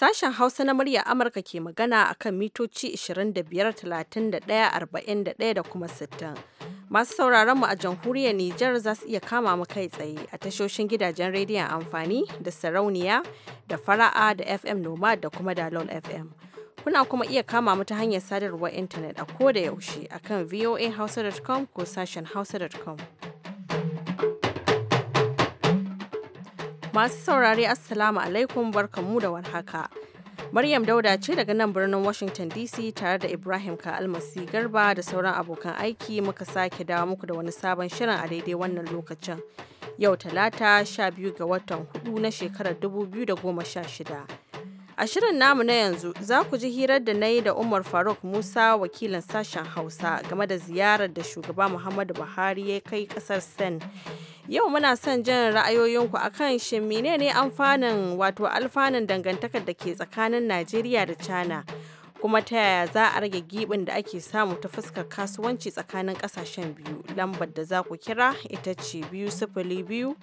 Sashen Hausa na murya Amurka ke magana a kan mitoci 25,31,41 da kuma 60. Masu sauraron mu a jamhuriyar Nijar za su iya kama mu kai tsaye a tashoshin gidajen rediyon amfani da sarauniya da fara'a da FM Nomad da kuma Dalol FM. Kuna kuma iya kama mu ta hanyar sadarwar intanet a koda yaushe a kan voahausa.com ko sashen hausa.com. Masu saurare Assalamu alaikum barkan mu da warhaka. Maryam Dauda ce daga nan birnin Washington DC tare da Ibrahim Ka'almasi Garba da sauran abokan aiki muka sake dawo muku da wani sabon shirin a daidai wannan lokacin. Yau Talata 12 ga watan 4 na shekarar 2016. A shirin namu na yanzu za ku ji hirar da na yi da Umar Faruk Musa wakilin sashen Hausa game da ziyarar da shugaba Muhammadu Buhari ya kai kasar Sen. Yau muna son jin ra'ayoyinku akan shin menene amfanin wato alfanun dangantakar da ke tsakanin Najeriya da China kuma ta yaya za a rage gibin da ake samu ta fuskar kasuwanci tsakanin kasashen biyu lambar da za ku kira ita ce biyu sifili biyu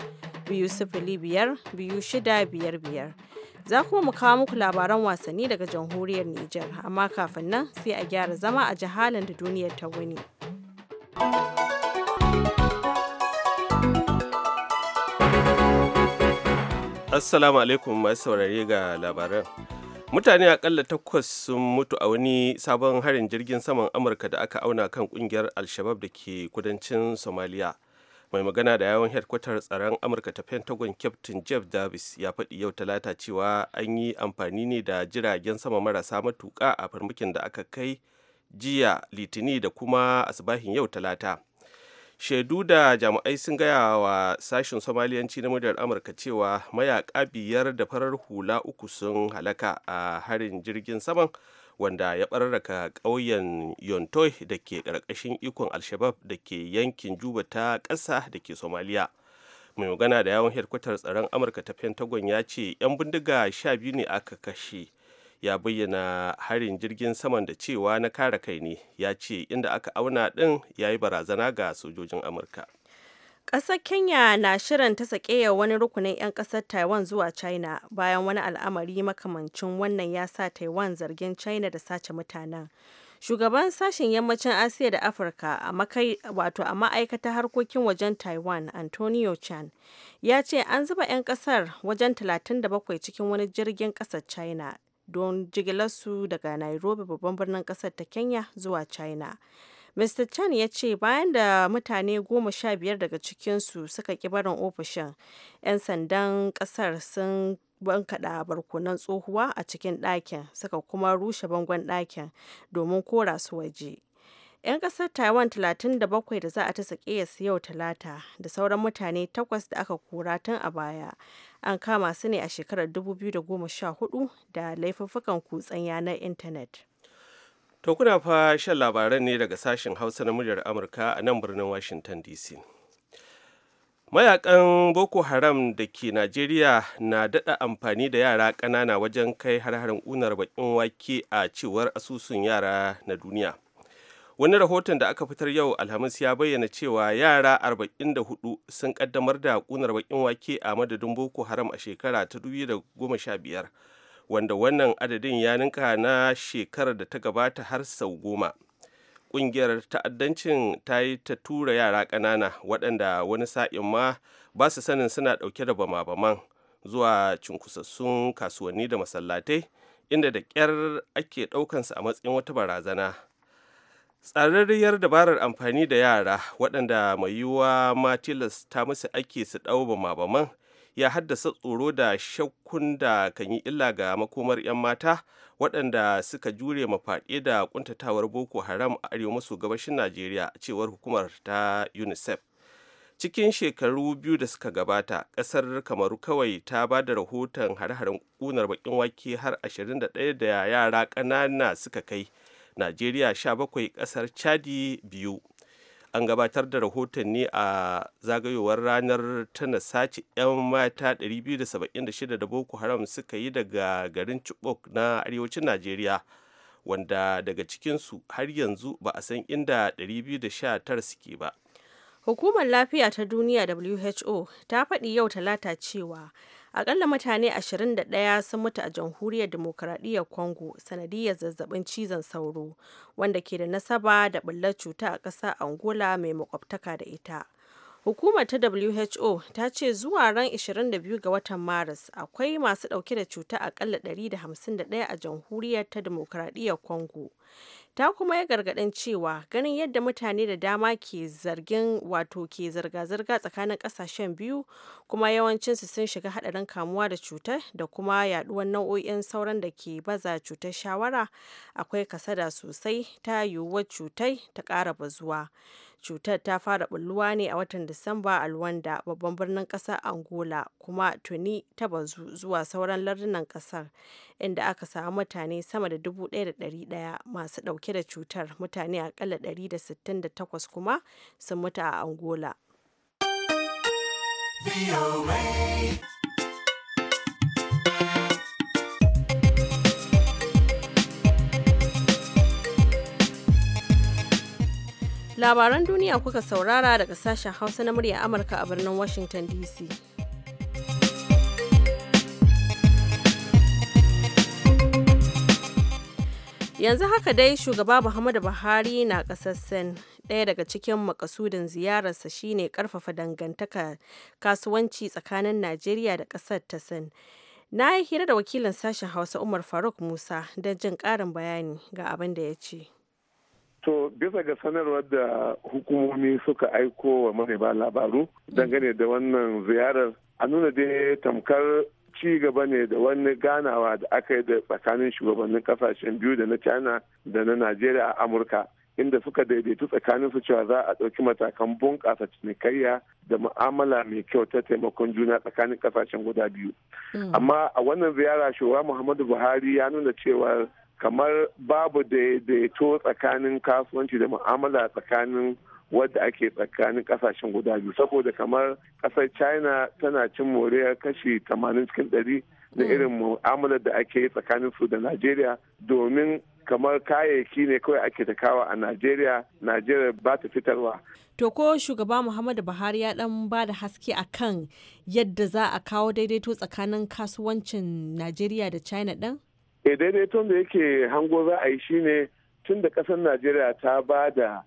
biyu sifili biyar biyu shida biyar biyar za kuma mu kawo muku labaran wasanni daga jamhuriyar Nijar amma kafin nan sai a gyara zama a jihalin da duniyar ta wuni. Assalamu alaikum masu saurare ga labaran. Mutane akalla takwas sun mutu a wani sabon harin jirgin saman Amurka da aka auna kan kungiyar Alshabab da ke kudancin Somalia. Mai magana da yawon headquarter tsaron Amurka ta Pentagon Captain Jeff Davis ya faɗi yau talata cewa an yi amfani ne da jiragen sama marasa matuka a farmakin da aka kai jiya litini da kuma asibahin yau talata. shaidu da jami'ai sun gaya wa sashen somaliyanci na muryar amurka cewa mayaka biyar da farar hula uku sun halaka a harin jirgin saman wanda ya bararraka ƙauyen yontoi da ke ƙarƙashin ikon alshabab da ke yankin juba ta ƙasa da ke somaliya mai magana da yawon hedkwatar tsaron amurka ta pentagon ya ce 'yan bindiga sha biyu ne aka kashe ya bayyana harin jirgin saman da cewa na kare kai ne ya ce inda aka auna din ya yi barazana ga sojojin amurka Ƙasar Kenya na shirin ta sakewa wani rukunin 'yan ƙasar Taiwan zuwa China bayan wani al'amari makamancin wannan ya sa Taiwan zargin China da sace mutanen. Shugaban sashen yammacin Asiya da Afirka a wato a ma'aikatar harkokin wajen Taiwan, Antonio Chan, ya ce an zuba 'yan ƙasar wajen 37 cikin wani jirgin ƙasar China don jigilar su daga Nairobi babban birnin kasar ta Kenya zuwa China. Mr. Chan ya ce bayan da mutane goma sha biyar daga cikinsu suka ki barin ofishin, 'yan sandan ƙasar sun bankaɗa barkunan tsohuwa a cikin ɗakin suka kuma rushe bangon ɗakin domin kora su waje. 'Yan ƙasar Taiwan 37 da za a ta su yau Talata da sauran mutane takwas da aka kora tun a baya an kama su ne a shekarar 2014 da laifuffukan kutsen yanar intanet. To kuna fa shan labaran ne daga sashen Hausa na muryar Amurka a nan birnin Washington DC. Mayakan Boko Haram da ke Najeriya na daɗa amfani da yara ƙanana wajen kai har-harin unar baƙin wake a cewar asusun yara na duniya. wani rahoton da aka fitar yau alhamis ya bayyana cewa yara 44 sun kaddamar da kunar bakin wake a madadin boko haram a shekara ta 2015 wanda wannan adadin ya ninka na shekarar da ta gabata har sau goma ƙungiyar ta'addancin ta yi ta tura yara ƙanana waɗanda wani sa'in ma ba su sanin suna ɗauke da bama-baman zuwa cunkusassun kasuwanni da masallatai inda da ƙyar ake ɗaukansu a matsayin wata barazana tsararriyar dabarar amfani da yara waɗanda mai yiwuwa ma tilasta musu ake su ɗau ba ya haddasa tsoro da shakkun da kan yi illa ga makomar 'yan mata waɗanda suka jure mafaɗe da ƙuntatawar boko haram a arewa maso gabashin najeriya cewar hukumar ta unicef cikin shekaru biyu da suka gabata ƙasar kamaru kawai ta ba da rahoton hare-haren ƙunar baƙin wake har 21 da yara ƙanana suka kai najeriya 17 kasar chadi biyu an gabatar da rahoton ne a zagayowar ranar tana sace 'yan mata 276 da boko haram suka yi daga garin chibok na arewacin najeriya wanda daga cikinsu har yanzu ba a san inda 219 suke ba hukumar lafiya ta duniya who ta faɗi yau talata cewa Akalla mutane 21 sun mutu a jamhuriyar demokuraɗiyyar Congo sanadiyar zazzabin cizon sauro wanda ke da nasaba da bullar cuta a ƙasar Angola mai makwabtaka da ita. Hukumar ta WHO ta ce zuwa ran 22 ga watan Maris akwai masu ɗauke da cuta akalla 151 a jamhuriyar ta demokuraɗiyyar Congo. ta kuma ya gargaɗin cewa ganin yadda mutane da dama ke zargin wato ke zirga-zirga tsakanin ƙasashen biyu kuma yawancinsu sun shiga haɗarin kamuwa da cutar da kuma yaɗuwar nau'o'in sauran da ke baza cutar shawara akwai kasada sosai ta yiwuwar cutai ta ƙara bazuwa. Cutar ta fara bulluwa ne a watan Disamba a Luanda, babban birnin ƙasar Angola, kuma tuni ta bazu zuwa sauran lardunan kasar inda aka samu mutane sama da 1,100 masu dauke da cutar, mutane akalla 168 kuma sun mutu a Angola. Labaran duniya kuka saurara daga sashen Hausa na murya Amurka a birnin Washington DC. Yanzu haka dai shugaba Muhammadu Buhari na ƙasar ɗaya daga cikin makasudin ziyararsa shine karfafa dangantaka kasuwanci tsakanin Najeriya da ƙasar ta Sin. Na yi hira da wakilin sashen Hausa Umar Faruk Musa don jin ƙarin bayani ga abin da ya ce. To bisa ga sanarwar da hukumomi suka aiko wa manema labaru dangane da wannan ziyarar a nuna dai tamkar ci gaba ne da wani ganawa da aka yi da tsakanin shugabannin kasashen biyu da na China da na Najeriya a Amurka. inda suka daidaitu tsakanin su cewa za a ɗauki matakan bunƙasa cinikayya da mu'amala mai kyau ta taimakon juna tsakanin kasashen guda biyu. Mm. Amma a wannan ziyara shugaba Muhammadu Buhari ya nuna cewa kamar babu daidaito tsakanin kasuwanci da mu'amala tsakanin wadda ake tsakanin kasashen guda biyu saboda kamar kasar china tana cin moriyar kashi 80 cikin 100 na hmm. irin mu'amala da ake tsakanin su da najeriya domin kamar kayayyaki ne kawai ake kawa a najeriya najeriya ba ta fitarwa to ko shugaba muhammadu buhari ya dan ba da haske a kan yadda za a kawo daidaito tsakanin kasuwancin najeriya da china din e daidaiton da yake hango za a yi shine tun da ƙasar najeriya ta ba da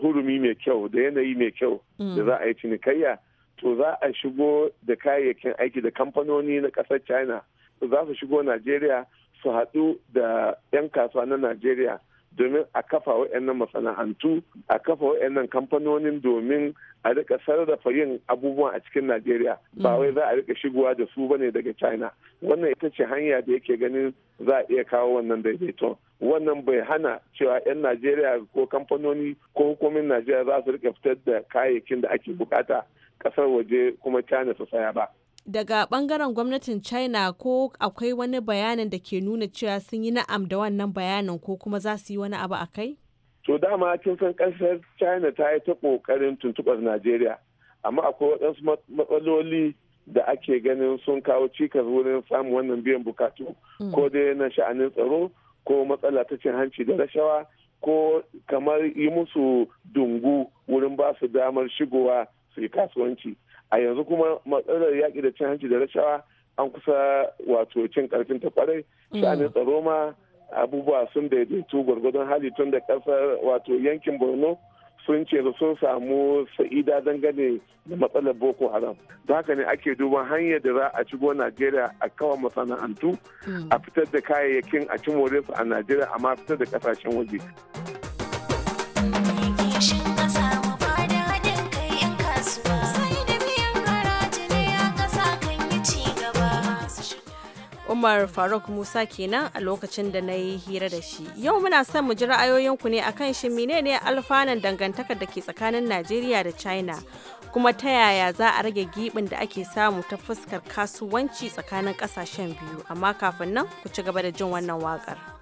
hurumi mai kyau da yanayi mai kyau mm. da za a yi cinikayya to za a shigo da kayayyakin aiki da kamfanoni na ƙasar china za su shigo najeriya su haɗu da 'yan kasuwa na najeriya domin a kafa wa'annan masana'antu a kafa wa'annan kamfanonin domin a rika sarrafa yin abubuwan a cikin najeriya ba mm. wai za a rika shigowa da su bane daga china wannan ita ce hanya da yake ganin za a iya kawo wannan daidaito wannan bai hana cewa 'yan najeriya ko kamfanoni ko hukumin najeriya za su rika fitar da kayayyakin da ake bukata kasar waje kuma china su saya ba daga bangaren gwamnatin china ko akwai wani bayanin da ke nuna cewa sun yi na'am da wannan bayanin ko kuma za su yi wani abu a kai to dama kin san kasar china ta yi ta kokarin tuntubar najeriya amma akwai waɗansu matsaloli da ake ganin sun kawo cikas wurin samun wannan biyan bukatu mm. ko dai na sha'anin tsaro ko matsala ta cin hanci da rashawa ko kamar yi musu dungu wurin ba su damar shigowa su yi kasuwanci a yanzu kuma matsalar yaƙi da cin hanci da rashawa an kusa wato cin karfin ta kwarai mm. sha'anin tsaro ma abubuwa sun daidaitu gwargwadon hali tun da kasar wato yankin borno sun ce sun samu sa'ida dangane da matsalar boko haram da haka ne ake duban hanyar da za a cigo najeriya a kawar masana'antu mm. a fitar da kayayyakin a cin su a najeriya amma fitar da kasashen waje. Umar Faruk Musa kenan a lokacin da na yi hira da shi. Yau muna son mu ji ra'ayoyinku ne akan shi menene alfanan dangantakar da ke tsakanin Najeriya da China. kuma ta yaya za a rage gibin da ake samu ta fuskar kasuwanci tsakanin kasashen biyu amma kafin nan ku ci gaba da jin wannan waƙar.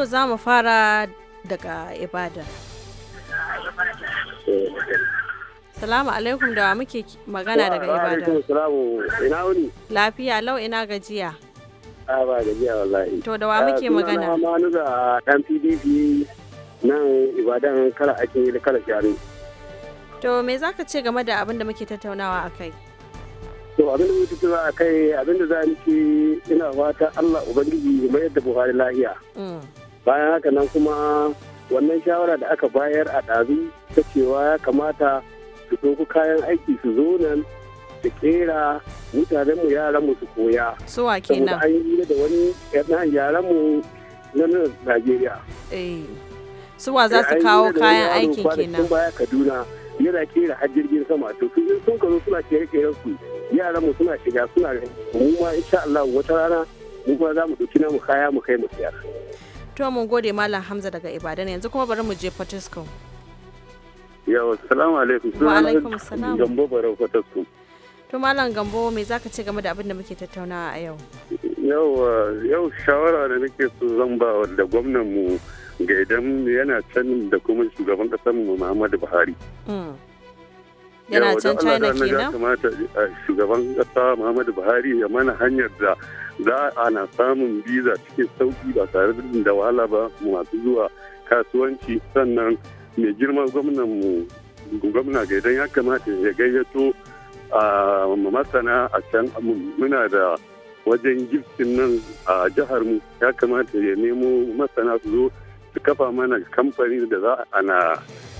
To za mu fara daga ibada. Salamu alaikum da muke magana daga ibada. Salamu ina wuni. Lafiya lau ina gajiya. A ba gajiya wallahi. To da wa muke magana? Suna na da ɗan PDP nan Ibadan kala ake kala shari. To me za ka ce game da abin da muke tattaunawa a kai? to abin da muke za a kai abin da za ni ce ina fata Allah Ubangiji mai yadda Buhari lahiya. Mm. bayan haka nan kuma wannan shawara da aka bayar a ɗazu ta cewa ya kamata su ɗauki kayan aiki su zo nan su kera mu yaran mu su koya. Suwa kenan. Saboda an yi da wani yaran mu na Najeriya. Eh. wa za su kawo kayan aikin kenan. Sun baya Kaduna yana kera har jirgin sama to su yi sun kazo suna kere kere su yaran mu suna shiga suna mu ma insha Allah wata rana mu kuma za mu ɗauki namu kaya mu kai mu siyar. to mun gode malam hamza daga ibadan yanzu kuma bari mu je fatiskum yawa salamu alaikum wa alaikum gambo barau fatiskum to malam gambo me zaka ce game da abin da muke tattaunawa a yau yawa uh, yau shawara da nake so zan ba da gwamnan mu ga idan yana can da kuma shugaban kasar mu Muhammadu Buhari mm. yana can China kenan uh, shugaban kasa Muhammadu Buhari ya mana hanyar da za ana samun biza cikin sauki ba tare da wahala ba masu zuwa kasuwanci sannan mai girman gwamnan mu gwamna gaidan ya kamata ya gayyato a masana a can muna da wajen gifcin nan a jihar mu ya kamata ya nemo masana su zo su kafa mana kamfani da za a na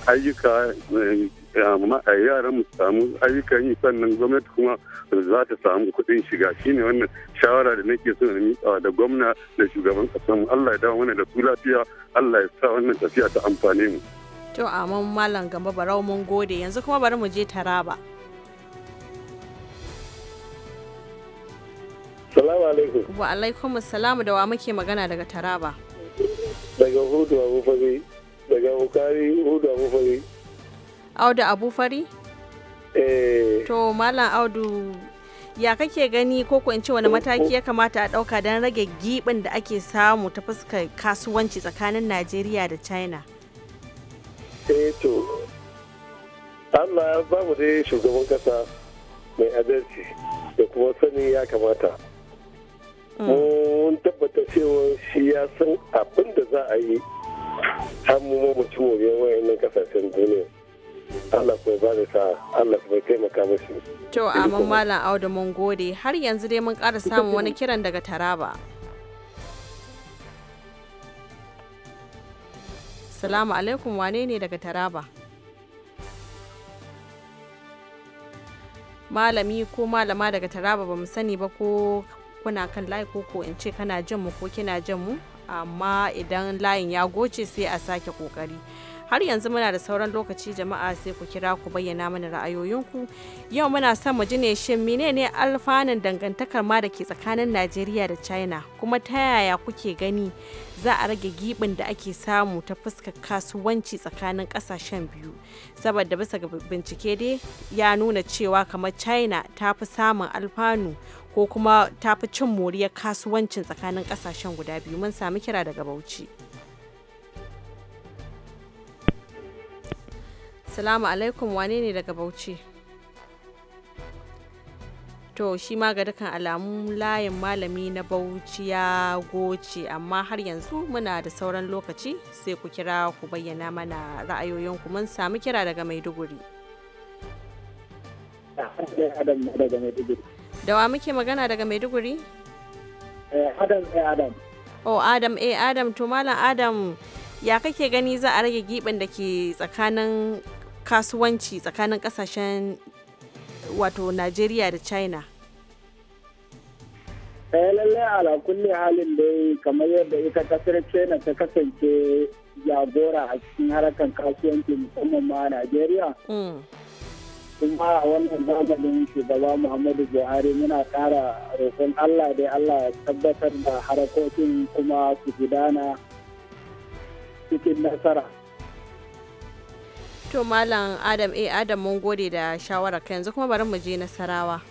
ayyuka eh, yaran mu samu ayyukan yi sannan gwamnati kuma za ta samu kuɗin shiga shine wannan shawara da nake so na da gwamna da shugaban kasa mu Allah ya dawo mana da su lafiya Allah ya sa wannan tafiya ta amfane mu to amon malam gamba barau mun gode yanzu kuma bari mu je taraba Salamu alaikum. Wa alaikum salamu da wa muke magana daga Taraba. Daga Hudu abu Daga Hukari Hudu Abubakar. Audu Abu Fari? Eh. To Malam Audu ya kake gani ko ce wani mataki ya kamata a ɗauka don rage giɓin da ake samu ta fuskar kasuwanci tsakanin Najeriya da China? Eh to Allah ya ba mu dai shugaban kasa mai adalci da kuma sani ya kamata. Mm. Mun tabbata cewa shi ya san abin da za a yi har mu mamaci moriyar wayannan kasashen duniya. Allah kuma ba da sa Allah kuma taimaka musu. To amin malam Audu mun gode har yanzu dai mun ƙara samun wani kiran daga Taraba. Salamu alaikum wane ne daga Taraba? Malami ko malama daga Taraba ba sani ba ko kuna kan layi ko ko in ce kana jin mu ko kina jin mu amma idan layin ya goce sai a sake kokari. har yanzu muna da sauran lokaci jama'a sai ku kira ku bayyana mana ra'ayoyinku yau muna son mu ji ne shin menene alfanun dangantakar ma da ke tsakanin najeriya da china kuma ta yaya kuke gani za a rage gibin da ake samu ta fuskar kasuwanci tsakanin kasashen biyu saboda bisa ga bincike dai ya nuna cewa kamar china ta fi samun alfanu ko kuma ta fi cin moriyar kasuwancin tsakanin kasashen guda biyu mun sami kira daga bauchi salamu alaikum wane ne daga bauchi to shi ma ga dukkan alamun layin malami na bauchi ya goce amma har yanzu muna da sauran lokaci sai ku kira ku bayyana mana ra'ayoyinku mun sami kira ah, daga maiduguri da wa muke magana daga maiduguri eh, adam eh, adam oh adam a eh, adam to malam adam ya kake gani za a rage giɓin da ke tsakanin kasuwanci tsakanin kasashen wato Najeriya da China? Eh lallai ala kulli halin dai kamar yadda ita kasar China ta kasance jagora a cikin harkar kasuwanci musamman ma Najeriya. Mm. Kuma a wannan zamanin shugaba Muhammadu Buhari muna ƙara roƙon Allah dai Allah ya tabbatar da harkokin kuma su gudana cikin nasara. to malam adam a eh, adam mun gode da shawara ka yanzu kuma bari mu je nasarawa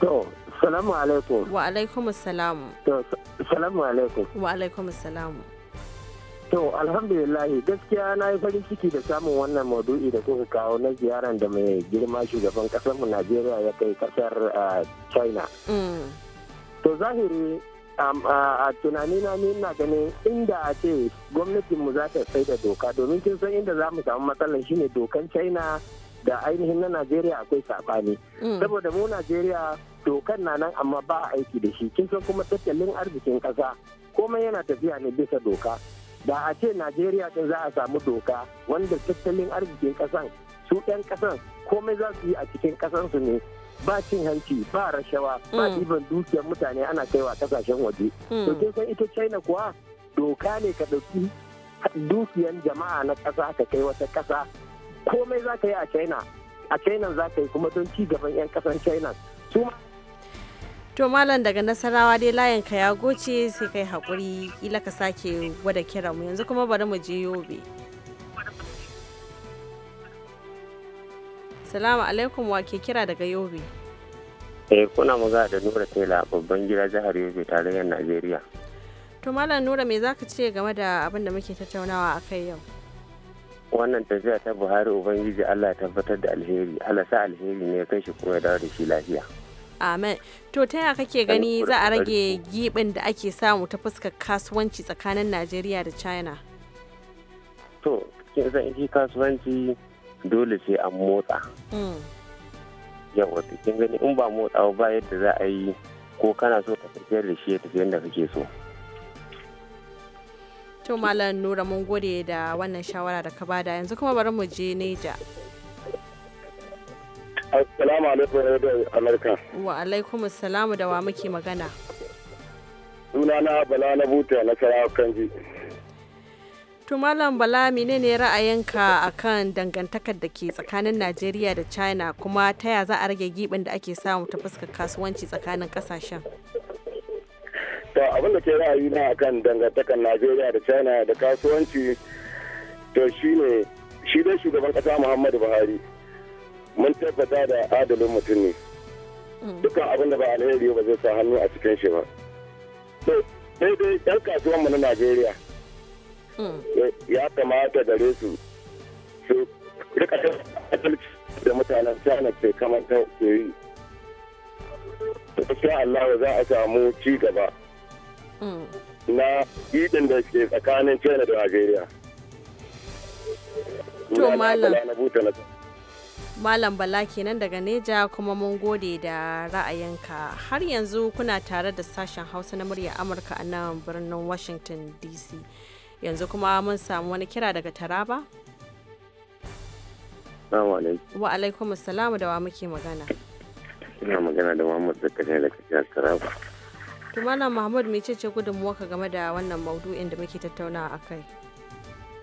to salamu alaikum wa alaikum salamu to salamu alaikum wa alaikum salamu to alhamdulillah gaskiya na yi farin ciki da samun wannan maudu'i da kuka kawo na ziyarar da mai girma shugaban kasarmu najeriya ya kai kasar ah, china mm. to zahiri a tunani na ne ina ganin inda a ce gwamnatinmu za ta sai da doka domin kin san inda za mu samu matsalar shine dokan china da ainihin na najeriya akwai saɓani mm. saboda mu najeriya dokan na nan amma ba a aiki da shi kin san kuma tattalin arzikin ƙasa komai yana tafiya ne bisa doka da a ce najeriya din za a samu doka wanda tattalin arzikin ƙasan su 'yan ƙasan komai za su yi a cikin ƙasansu ne ba cin hanci ba rashawa ba mm. ɗiban dukiyar mutane ana kaiwa kasashen waje mm. to ke san ita china kuwa doka ne ka ɗauki dukiyar jama'a na ƙasa ka kai wata ƙasa komai za ka yi a china a china za ka yi kuma don ci gaban 'yan ƙasar china to malam daga nasarawa dai layin ka ya goce sai kai hakuri ila ka sake wada kiran mu yanzu kuma bari mu je yobe. Salamu alaikum wa ke kira daga Yobe. Eh kuna magana da Nura Tela babban gida jihar Yobe tarayyar Najeriya. To Malam Nura me zaka ce game da abin da muke tattaunawa a kai yau? Wannan tafiya ta Buhari Ubangiji Allah ya tabbatar da alheri, Allah sa alheri ne ya kai shi kuma ya dawo da shi lafiya. Amen. To ta yaya kake gani za a rage gibin da ake samu ta fuskar kasuwanci tsakanin Najeriya da China? To, kin san kasuwanci dole sai an motsa hmm. yawa kin gani in ba motsawa ba yadda za a yi ko kana so ka tafiyar da shi ya tafiyar da kake so to malam nura mun gode da wannan shawara da ka bada yanzu kuma bari mu je neja assalamu alaikum radio america wa alaikum assalamu da wa muke magana sunana bala na buta na sarawa kanji To Malam Bala menene ra'ayinka akan dangantakar da ke tsakanin Najeriya da China kuma ta ya za a rage gibin da ake samu ta fuskar kasuwanci tsakanin kasashen? To abin ke ra'ayi na akan dangantakar Najeriya da China da kasuwanci to shine shi dai shugaban kasa Muhammadu Buhari mun tabbata da adalin mutum ne. Mm. Dukkan abin da ba alheri ba zai sa hannu a cikin shi ba. daidai 'yan kasuwanmu na Najeriya ya kamata gare su su rika da mutanen china ke kamata ke yi insha Allah za a samu ci gaba na idin da ke tsakanin china da nigeria to malam Malam Bala kenan daga Neja kuma mun gode da ra'ayinka har yanzu kuna tare da sashen Hausa na murya Amurka a nan birnin Washington DC. yanzu kuma mun samu wani kira daga taraba wa alaikum salamu da wa muke magana ina magana da mahmud daga da daga a taraba tumana mahmud mai ce gudunmuwa ka game da wannan maudu'in da muke tattaunawa a kai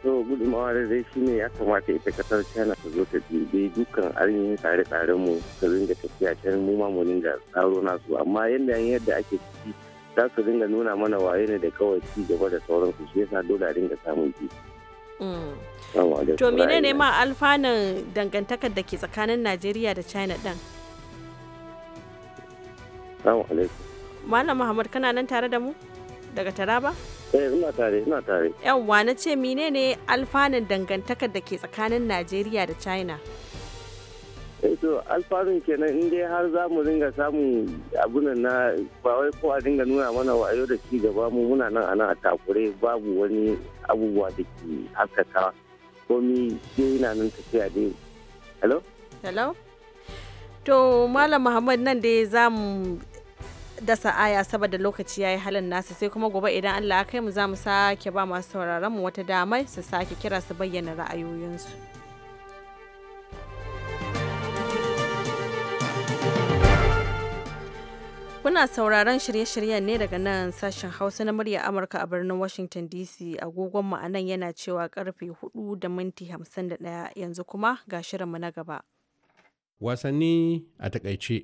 to gudunmawa da dai shine ya kamata ita kasar china ta zo ta jibe dukkan arnin tsare-tsaren mu ta ringa tafiya can mu ma mu ringa tsaro nasu amma yadda yadda ake ciki za su dinga nuna mana waye ne da kawai ci gaba da sauran su shi yasa dole a dinga samun ji. Mm. To menene ma alfanan dangantakar da ke tsakanin Najeriya da China din? Salamu alaikum. Malam Muhammad kana nan tare da mu? Daga Taraba? Eh ina tare, ina tare. Yawwa na ce menene alfanan dangantakar da ke tsakanin Najeriya da China? Eh, to alfanun kenan in dai har za mu dinga samun abunan na ba wai ko a dinga nuna mana wayo da ci gaba mu muna nan a nan a takure babu wani abubuwa da ke haskaka komi ke ina nan tafiya dai hello hello to malam muhammad nan dai za mu dasa aya saboda lokaci ya yi halin nasa sai kuma gobe idan allah ya kai mu za mu sake ba masu sauraron mu wata damai su sake kira su bayyana ra'ayoyinsu. Kuna sauraron shirye-shiryen ne daga nan sashen Hausa na murya Amurka a birnin Washington DC agogon mu anan yana cewa karfe 4 da minti 51 yanzu kuma ga shirinmu na gaba. Wasanni a takaice.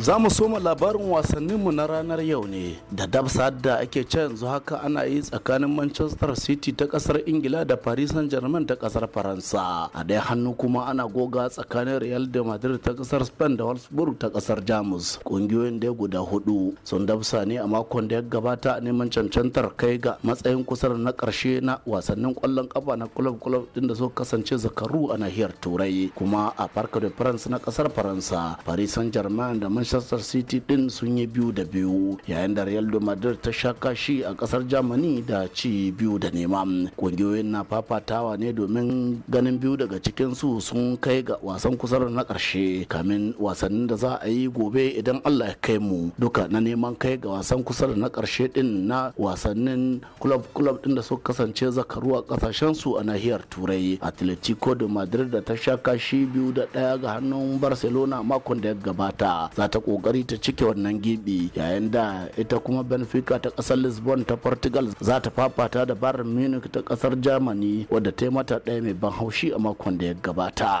Za mu soma labarin wasanninmu na ranar yau ne da dabsa da ake can yanzu haka ana yi tsakanin Manchester City ta kasar Ingila da Paris Saint-Germain ta kasar Faransa. A ɗaya hannu kuma ana goga tsakanin Real de Madrid ta kasar Spain da Wolfsburg ta kasar Jamus. Ƙungiyoyin da guda hudu sun dabsa ne a makon da ya gabata a neman cancantar kai ga matsayin kusa na ƙarshe na wasannin ƙwallon ƙafa na club club din da suka kasance zakaru a nahiyar Turai. Kuma a Parc de France na kasar Faransa, Paris Saint-Germain da Manchester manchester city din sun yi biyu da biyu yayin da real madrid ta sha kashi a kasar germany da ci biyu da nema kungiyoyin na fafatawa ne domin ganin biyu daga cikin su sun kai ga wasan kusan na karshe kamin wasannin da za a yi gobe idan allah ya kai mu duka na neman kai ga wasan kusan na karshe din na wasannin club club din da suka kasance zakaru a kasashen su a nahiyar turai atletico de madrid da ta sha kashi biyu da ɗaya ga hannun barcelona makon da ya gabata za ta kokari ta cike wannan gibi yayin da ita kuma benfica ta kasar lisbon ta portugal za ta fafata da bayern munich ta kasar germany wadda ta yi mata ɗaya mai ban haushi a makon da ya gabata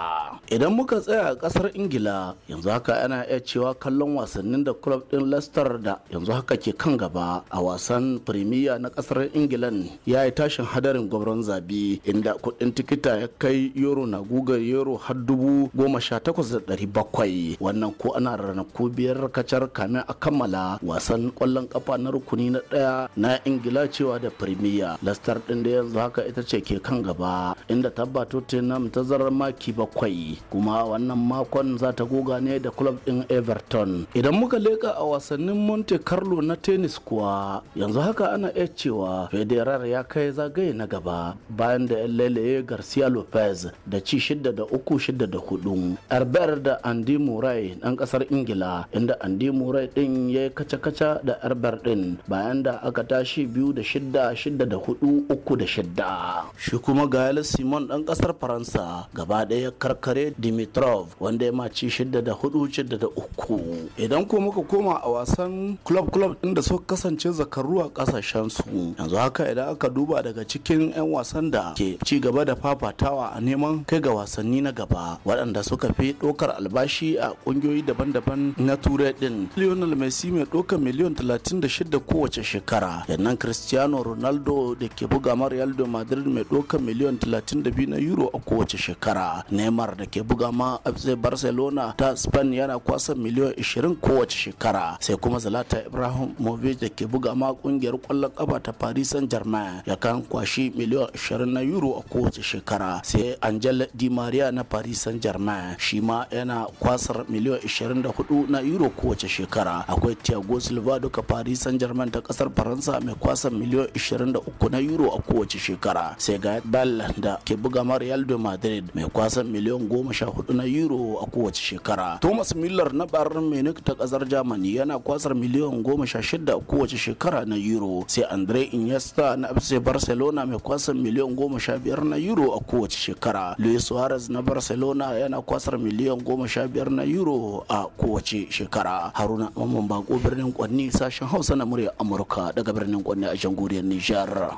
idan muka tsaya a kasar ingila yanzu haka ana iya cewa kallon wasannin da club din leicester da yanzu haka ke kan gaba a wasan premier na kasar ingilan ya yi tashin hadarin gwamnan zabi inda kudin tikita ya kai euro na guga euro har dubu goma sha takwas da ɗari bakwai wannan ko ana ranaku biyar kacar kamin a kammala wasan kwallon kafa na rukuni na daya na ingila cewa da firmiya lastar din da yanzu haka ita ce ke kan gaba inda tabbato tottenham ta zarar maki bakwai kuma wannan makon za ta goga ne da club din everton idan muka leka a wasannin monte carlo na tennis kuwa yanzu haka ana iya cewa federer ya kai zagaye na gaba bayan da yan lelaye garcia lopez da ci shidda da uku shidda da hudu arbert da andy murray dan kasar ingila inda andi murai din ya kaca-kaca da arbar din bayan da aka tashi biyu da shidda shidda da hudu uku da shidda shi kuma gael simon dan kasar faransa gaba daya karkare dimitrov wanda ya maci shidda da hudu shidda da uku idan ko muka koma a wasan club club din da suka kasance zakaru a kasashen su yanzu haka idan aka duba daga cikin 'yan wasan da ke ci gaba da fafatawa a neman kai ga wasanni na gaba waɗanda suka fi ɗaukar albashi a ƙungiyoyi daban-daban na turai din lionel messi mai ɗaukar miliyan 36 kowace shekara yannan cristiano ronaldo da ke buga ma real de madrid mai ɗaukar miliyan 32 na euro a kowace shekara neymar da ke buga ma fc barcelona ta spain yana kwasa miliyan 20 kowace shekara sai kuma zalata ibrahim movic da ke buga ma kungiyar kwallon kafa ta paris saint germain ya kan kwashi miliyan 20 na euro a kowace shekara sai angel di maria na paris saint germain shi ma yana kwasar miliyan 24 na na euro kowace shekara akwai thiago silva duka paris saint germain ta kasar faransa mai kwasan miliyan 23 na euro a kowace shekara sai ga bal da ke buga ma real de madrid mai kwasan miliyan 14 na euro a kowace shekara thomas miller na bar munich ta kasar germany yana kwasar miliyan 16 a kowace shekara na euro sai andre iniesta na fc barcelona mai kwasan miliyan 15 na euro a kowace shekara luis suarez na barcelona yana kwasar miliyan 15 na euro a kowace shekara haruna mamman bako birnin kwanni sashen hausa na murya amurka daga birnin kwanni a jamhuriyar nijar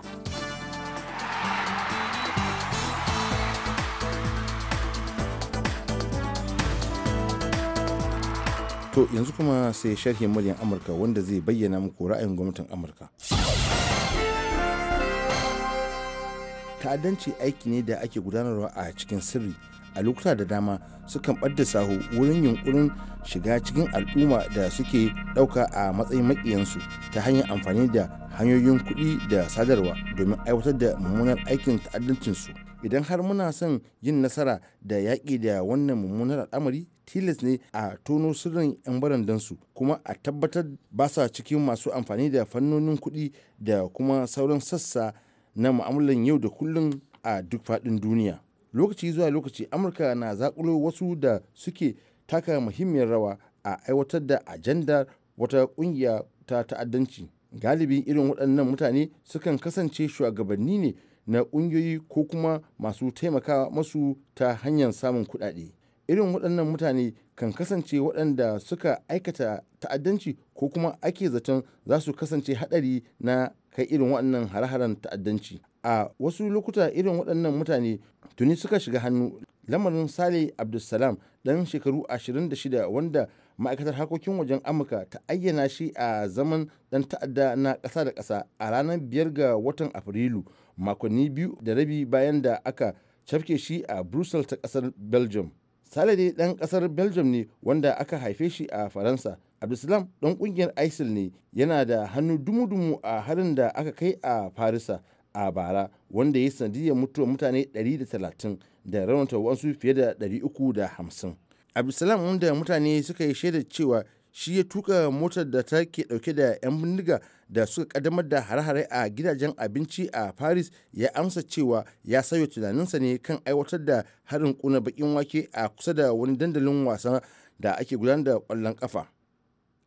to yanzu kuma sai sharhin muryan amurka wanda zai bayyana muku ra'ayin gwamnatin amurka ta'addanci aiki ne da ake gudanarwa a cikin sirri a lokuta da dama sukan ɓadda sahu wurin yunkurin shiga cikin al'umma da suke ɗauka a matsayin maƙiyansu ta hanyar amfani da hanyoyin kuɗi da sadarwa domin aiwatar da mummunar aikin ta'addancinsu idan har muna son yin nasara da yaƙi da wannan mummunar al'amari tilas ne a tono sirrin 'yan barandansu kuma a tabbatar ba sa cikin masu amfani da fannonin kuɗi da kuma sauran sassa na mu'amalan yau da kullum a duk faɗin duniya lokaci zuwa lokaci amurka na zakulo wasu da suke taka muhimmiyar rawa a aiwatar da ajanda wata ƙungiya ta ta'addanci galibi irin waɗannan mutane sukan kasance shugabanni ne na ƙungiyoyi ko kuma masu taimaka masu ta hanyar samun kuɗaɗe irin waɗannan mutane kan kasance waɗanda suka aikata ta'addanci ko kuma ake zaton za su kasance haɗari na kai irin waɗannan hare ta'addanci a wasu lokuta irin waɗannan mutane tuni suka shiga hannu lamarin sale abdulsalam ɗan shekaru 26 wanda ma'aikatar harkokin wajen amurka ta ayyana shi a zaman ɗan ta'adda na ƙasa da ƙasa a ranar 5 ga watan afrilu makonni biyu da rabi bayan da aka cafke shi a brussels ta ƙasar belgium sale dai ɗan ƙasar belgium ne wanda aka haife shi a faransa abdulsalam ɗan ƙungiyar isil ne yana da hannu dumu-dumu a harin da aka kai a farisa a bara wanda ya sanadiyar mutuwar mutane 130 da raunata wasu fiye da 350 abdulsalam wanda mutane suka yi shaidar cewa shi ya tuka motar da ta ke dauke da 'yan bindiga da suka kaddamar da hare-hare a gidajen abinci a paris ya amsa cewa ya sauya tunaninsa ne kan aiwatar da harin kuna bakin wake a kusa da wani dandalin wasa da ake gudanar da kwallon kafa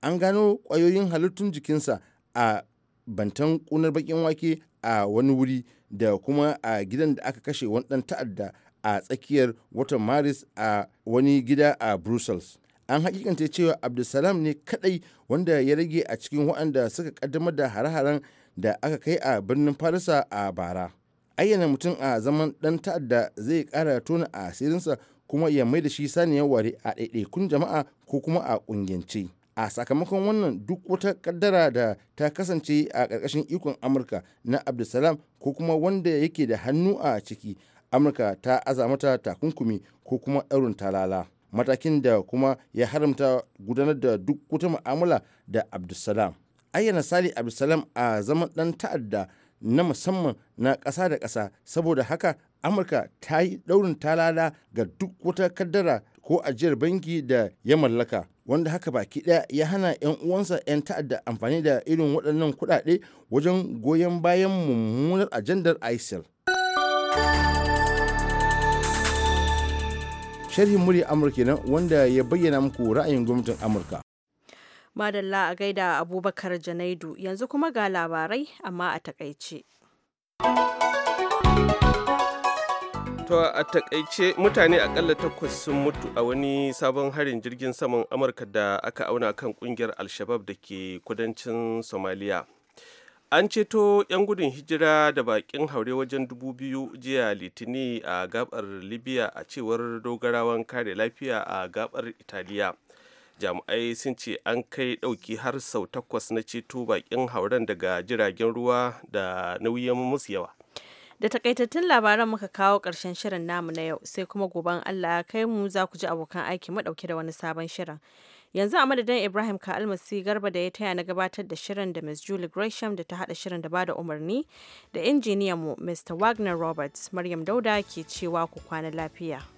an gano kwayoyin halittun jikinsa a bantan kunar bakin wake a wani wuri da kuma a gidan da aka kashe wani ta'adda a tsakiyar watan maris a wani gida a brussels an hakikanta cewa abdulsalam ne kadai wanda ya rage a cikin waɗanda suka kaddamar da hare-haren da aka kai a birnin farisa a bara ayyana mutum a zaman dan ta'adda zai kara tona a asirinsa kuma ya mai da shi saniyar ware a ɗaiɗaikun jama'a ko kuma a ƙungiyance a sakamakon wannan duk wata kaddara da ta kasance a ƙarƙashin ikon amurka na abdulsalam ko kuma wanda yake da hannu a ciki amurka ta azamata takunkumi ko kuma ɗaurin talala matakin da kuma ya haramta gudanar da duk wata mu'amala da abdulsalam ayyana sali abdulsalam a zaman ɗan ta'adda na musamman na ƙasa da ƙasa saboda haka amurka ta yi daurin talala ga duk wata kaddara ko ajiyar banki da ya mallaka wanda haka baki daya ya hana 'yan uwansa 'yan ta'adda amfani da irin waɗannan kuɗaɗe wajen goyon bayan mummunar ajandar isil sharhin murya amurka nan wanda ya bayyana muku ra'ayin gwamnatin amurka madalla a gaida abubakar janaidu yanzu kuma ga labarai amma a takaice. To a takaice mutane akalla takwas sun mutu a wani sabon harin jirgin saman Amurka da aka auna kan kungiyar Alshabab da ke kudancin Somaliya. An ceto 'yan gudun hijira da bakin haure wajen dubu biyu jiya litini a gabar Libya a cewar dogarawan kare lafiya a gabar Italiya. Jami'ai sun ce an kai ɗauki har sau takwas na ceto bakin hauren daga jiragen ruwa da nauyin musu yawa. Da takaitattun labaran muka kawo karshen shirin namu na yau sai kuma goben Allah ya kai mu za ku ji abokan aiki mu dauke da wani sabon shirin. Yanzu a madadin Ibrahim ka almasi garba da ya taya na gabatar da shirin da Ms. Julie Gresham da ta haɗa shirin da ba da umarni da injiniyan mu Mr. Wagner Roberts Maryam Dauda ke cewa ku kwana lafiya.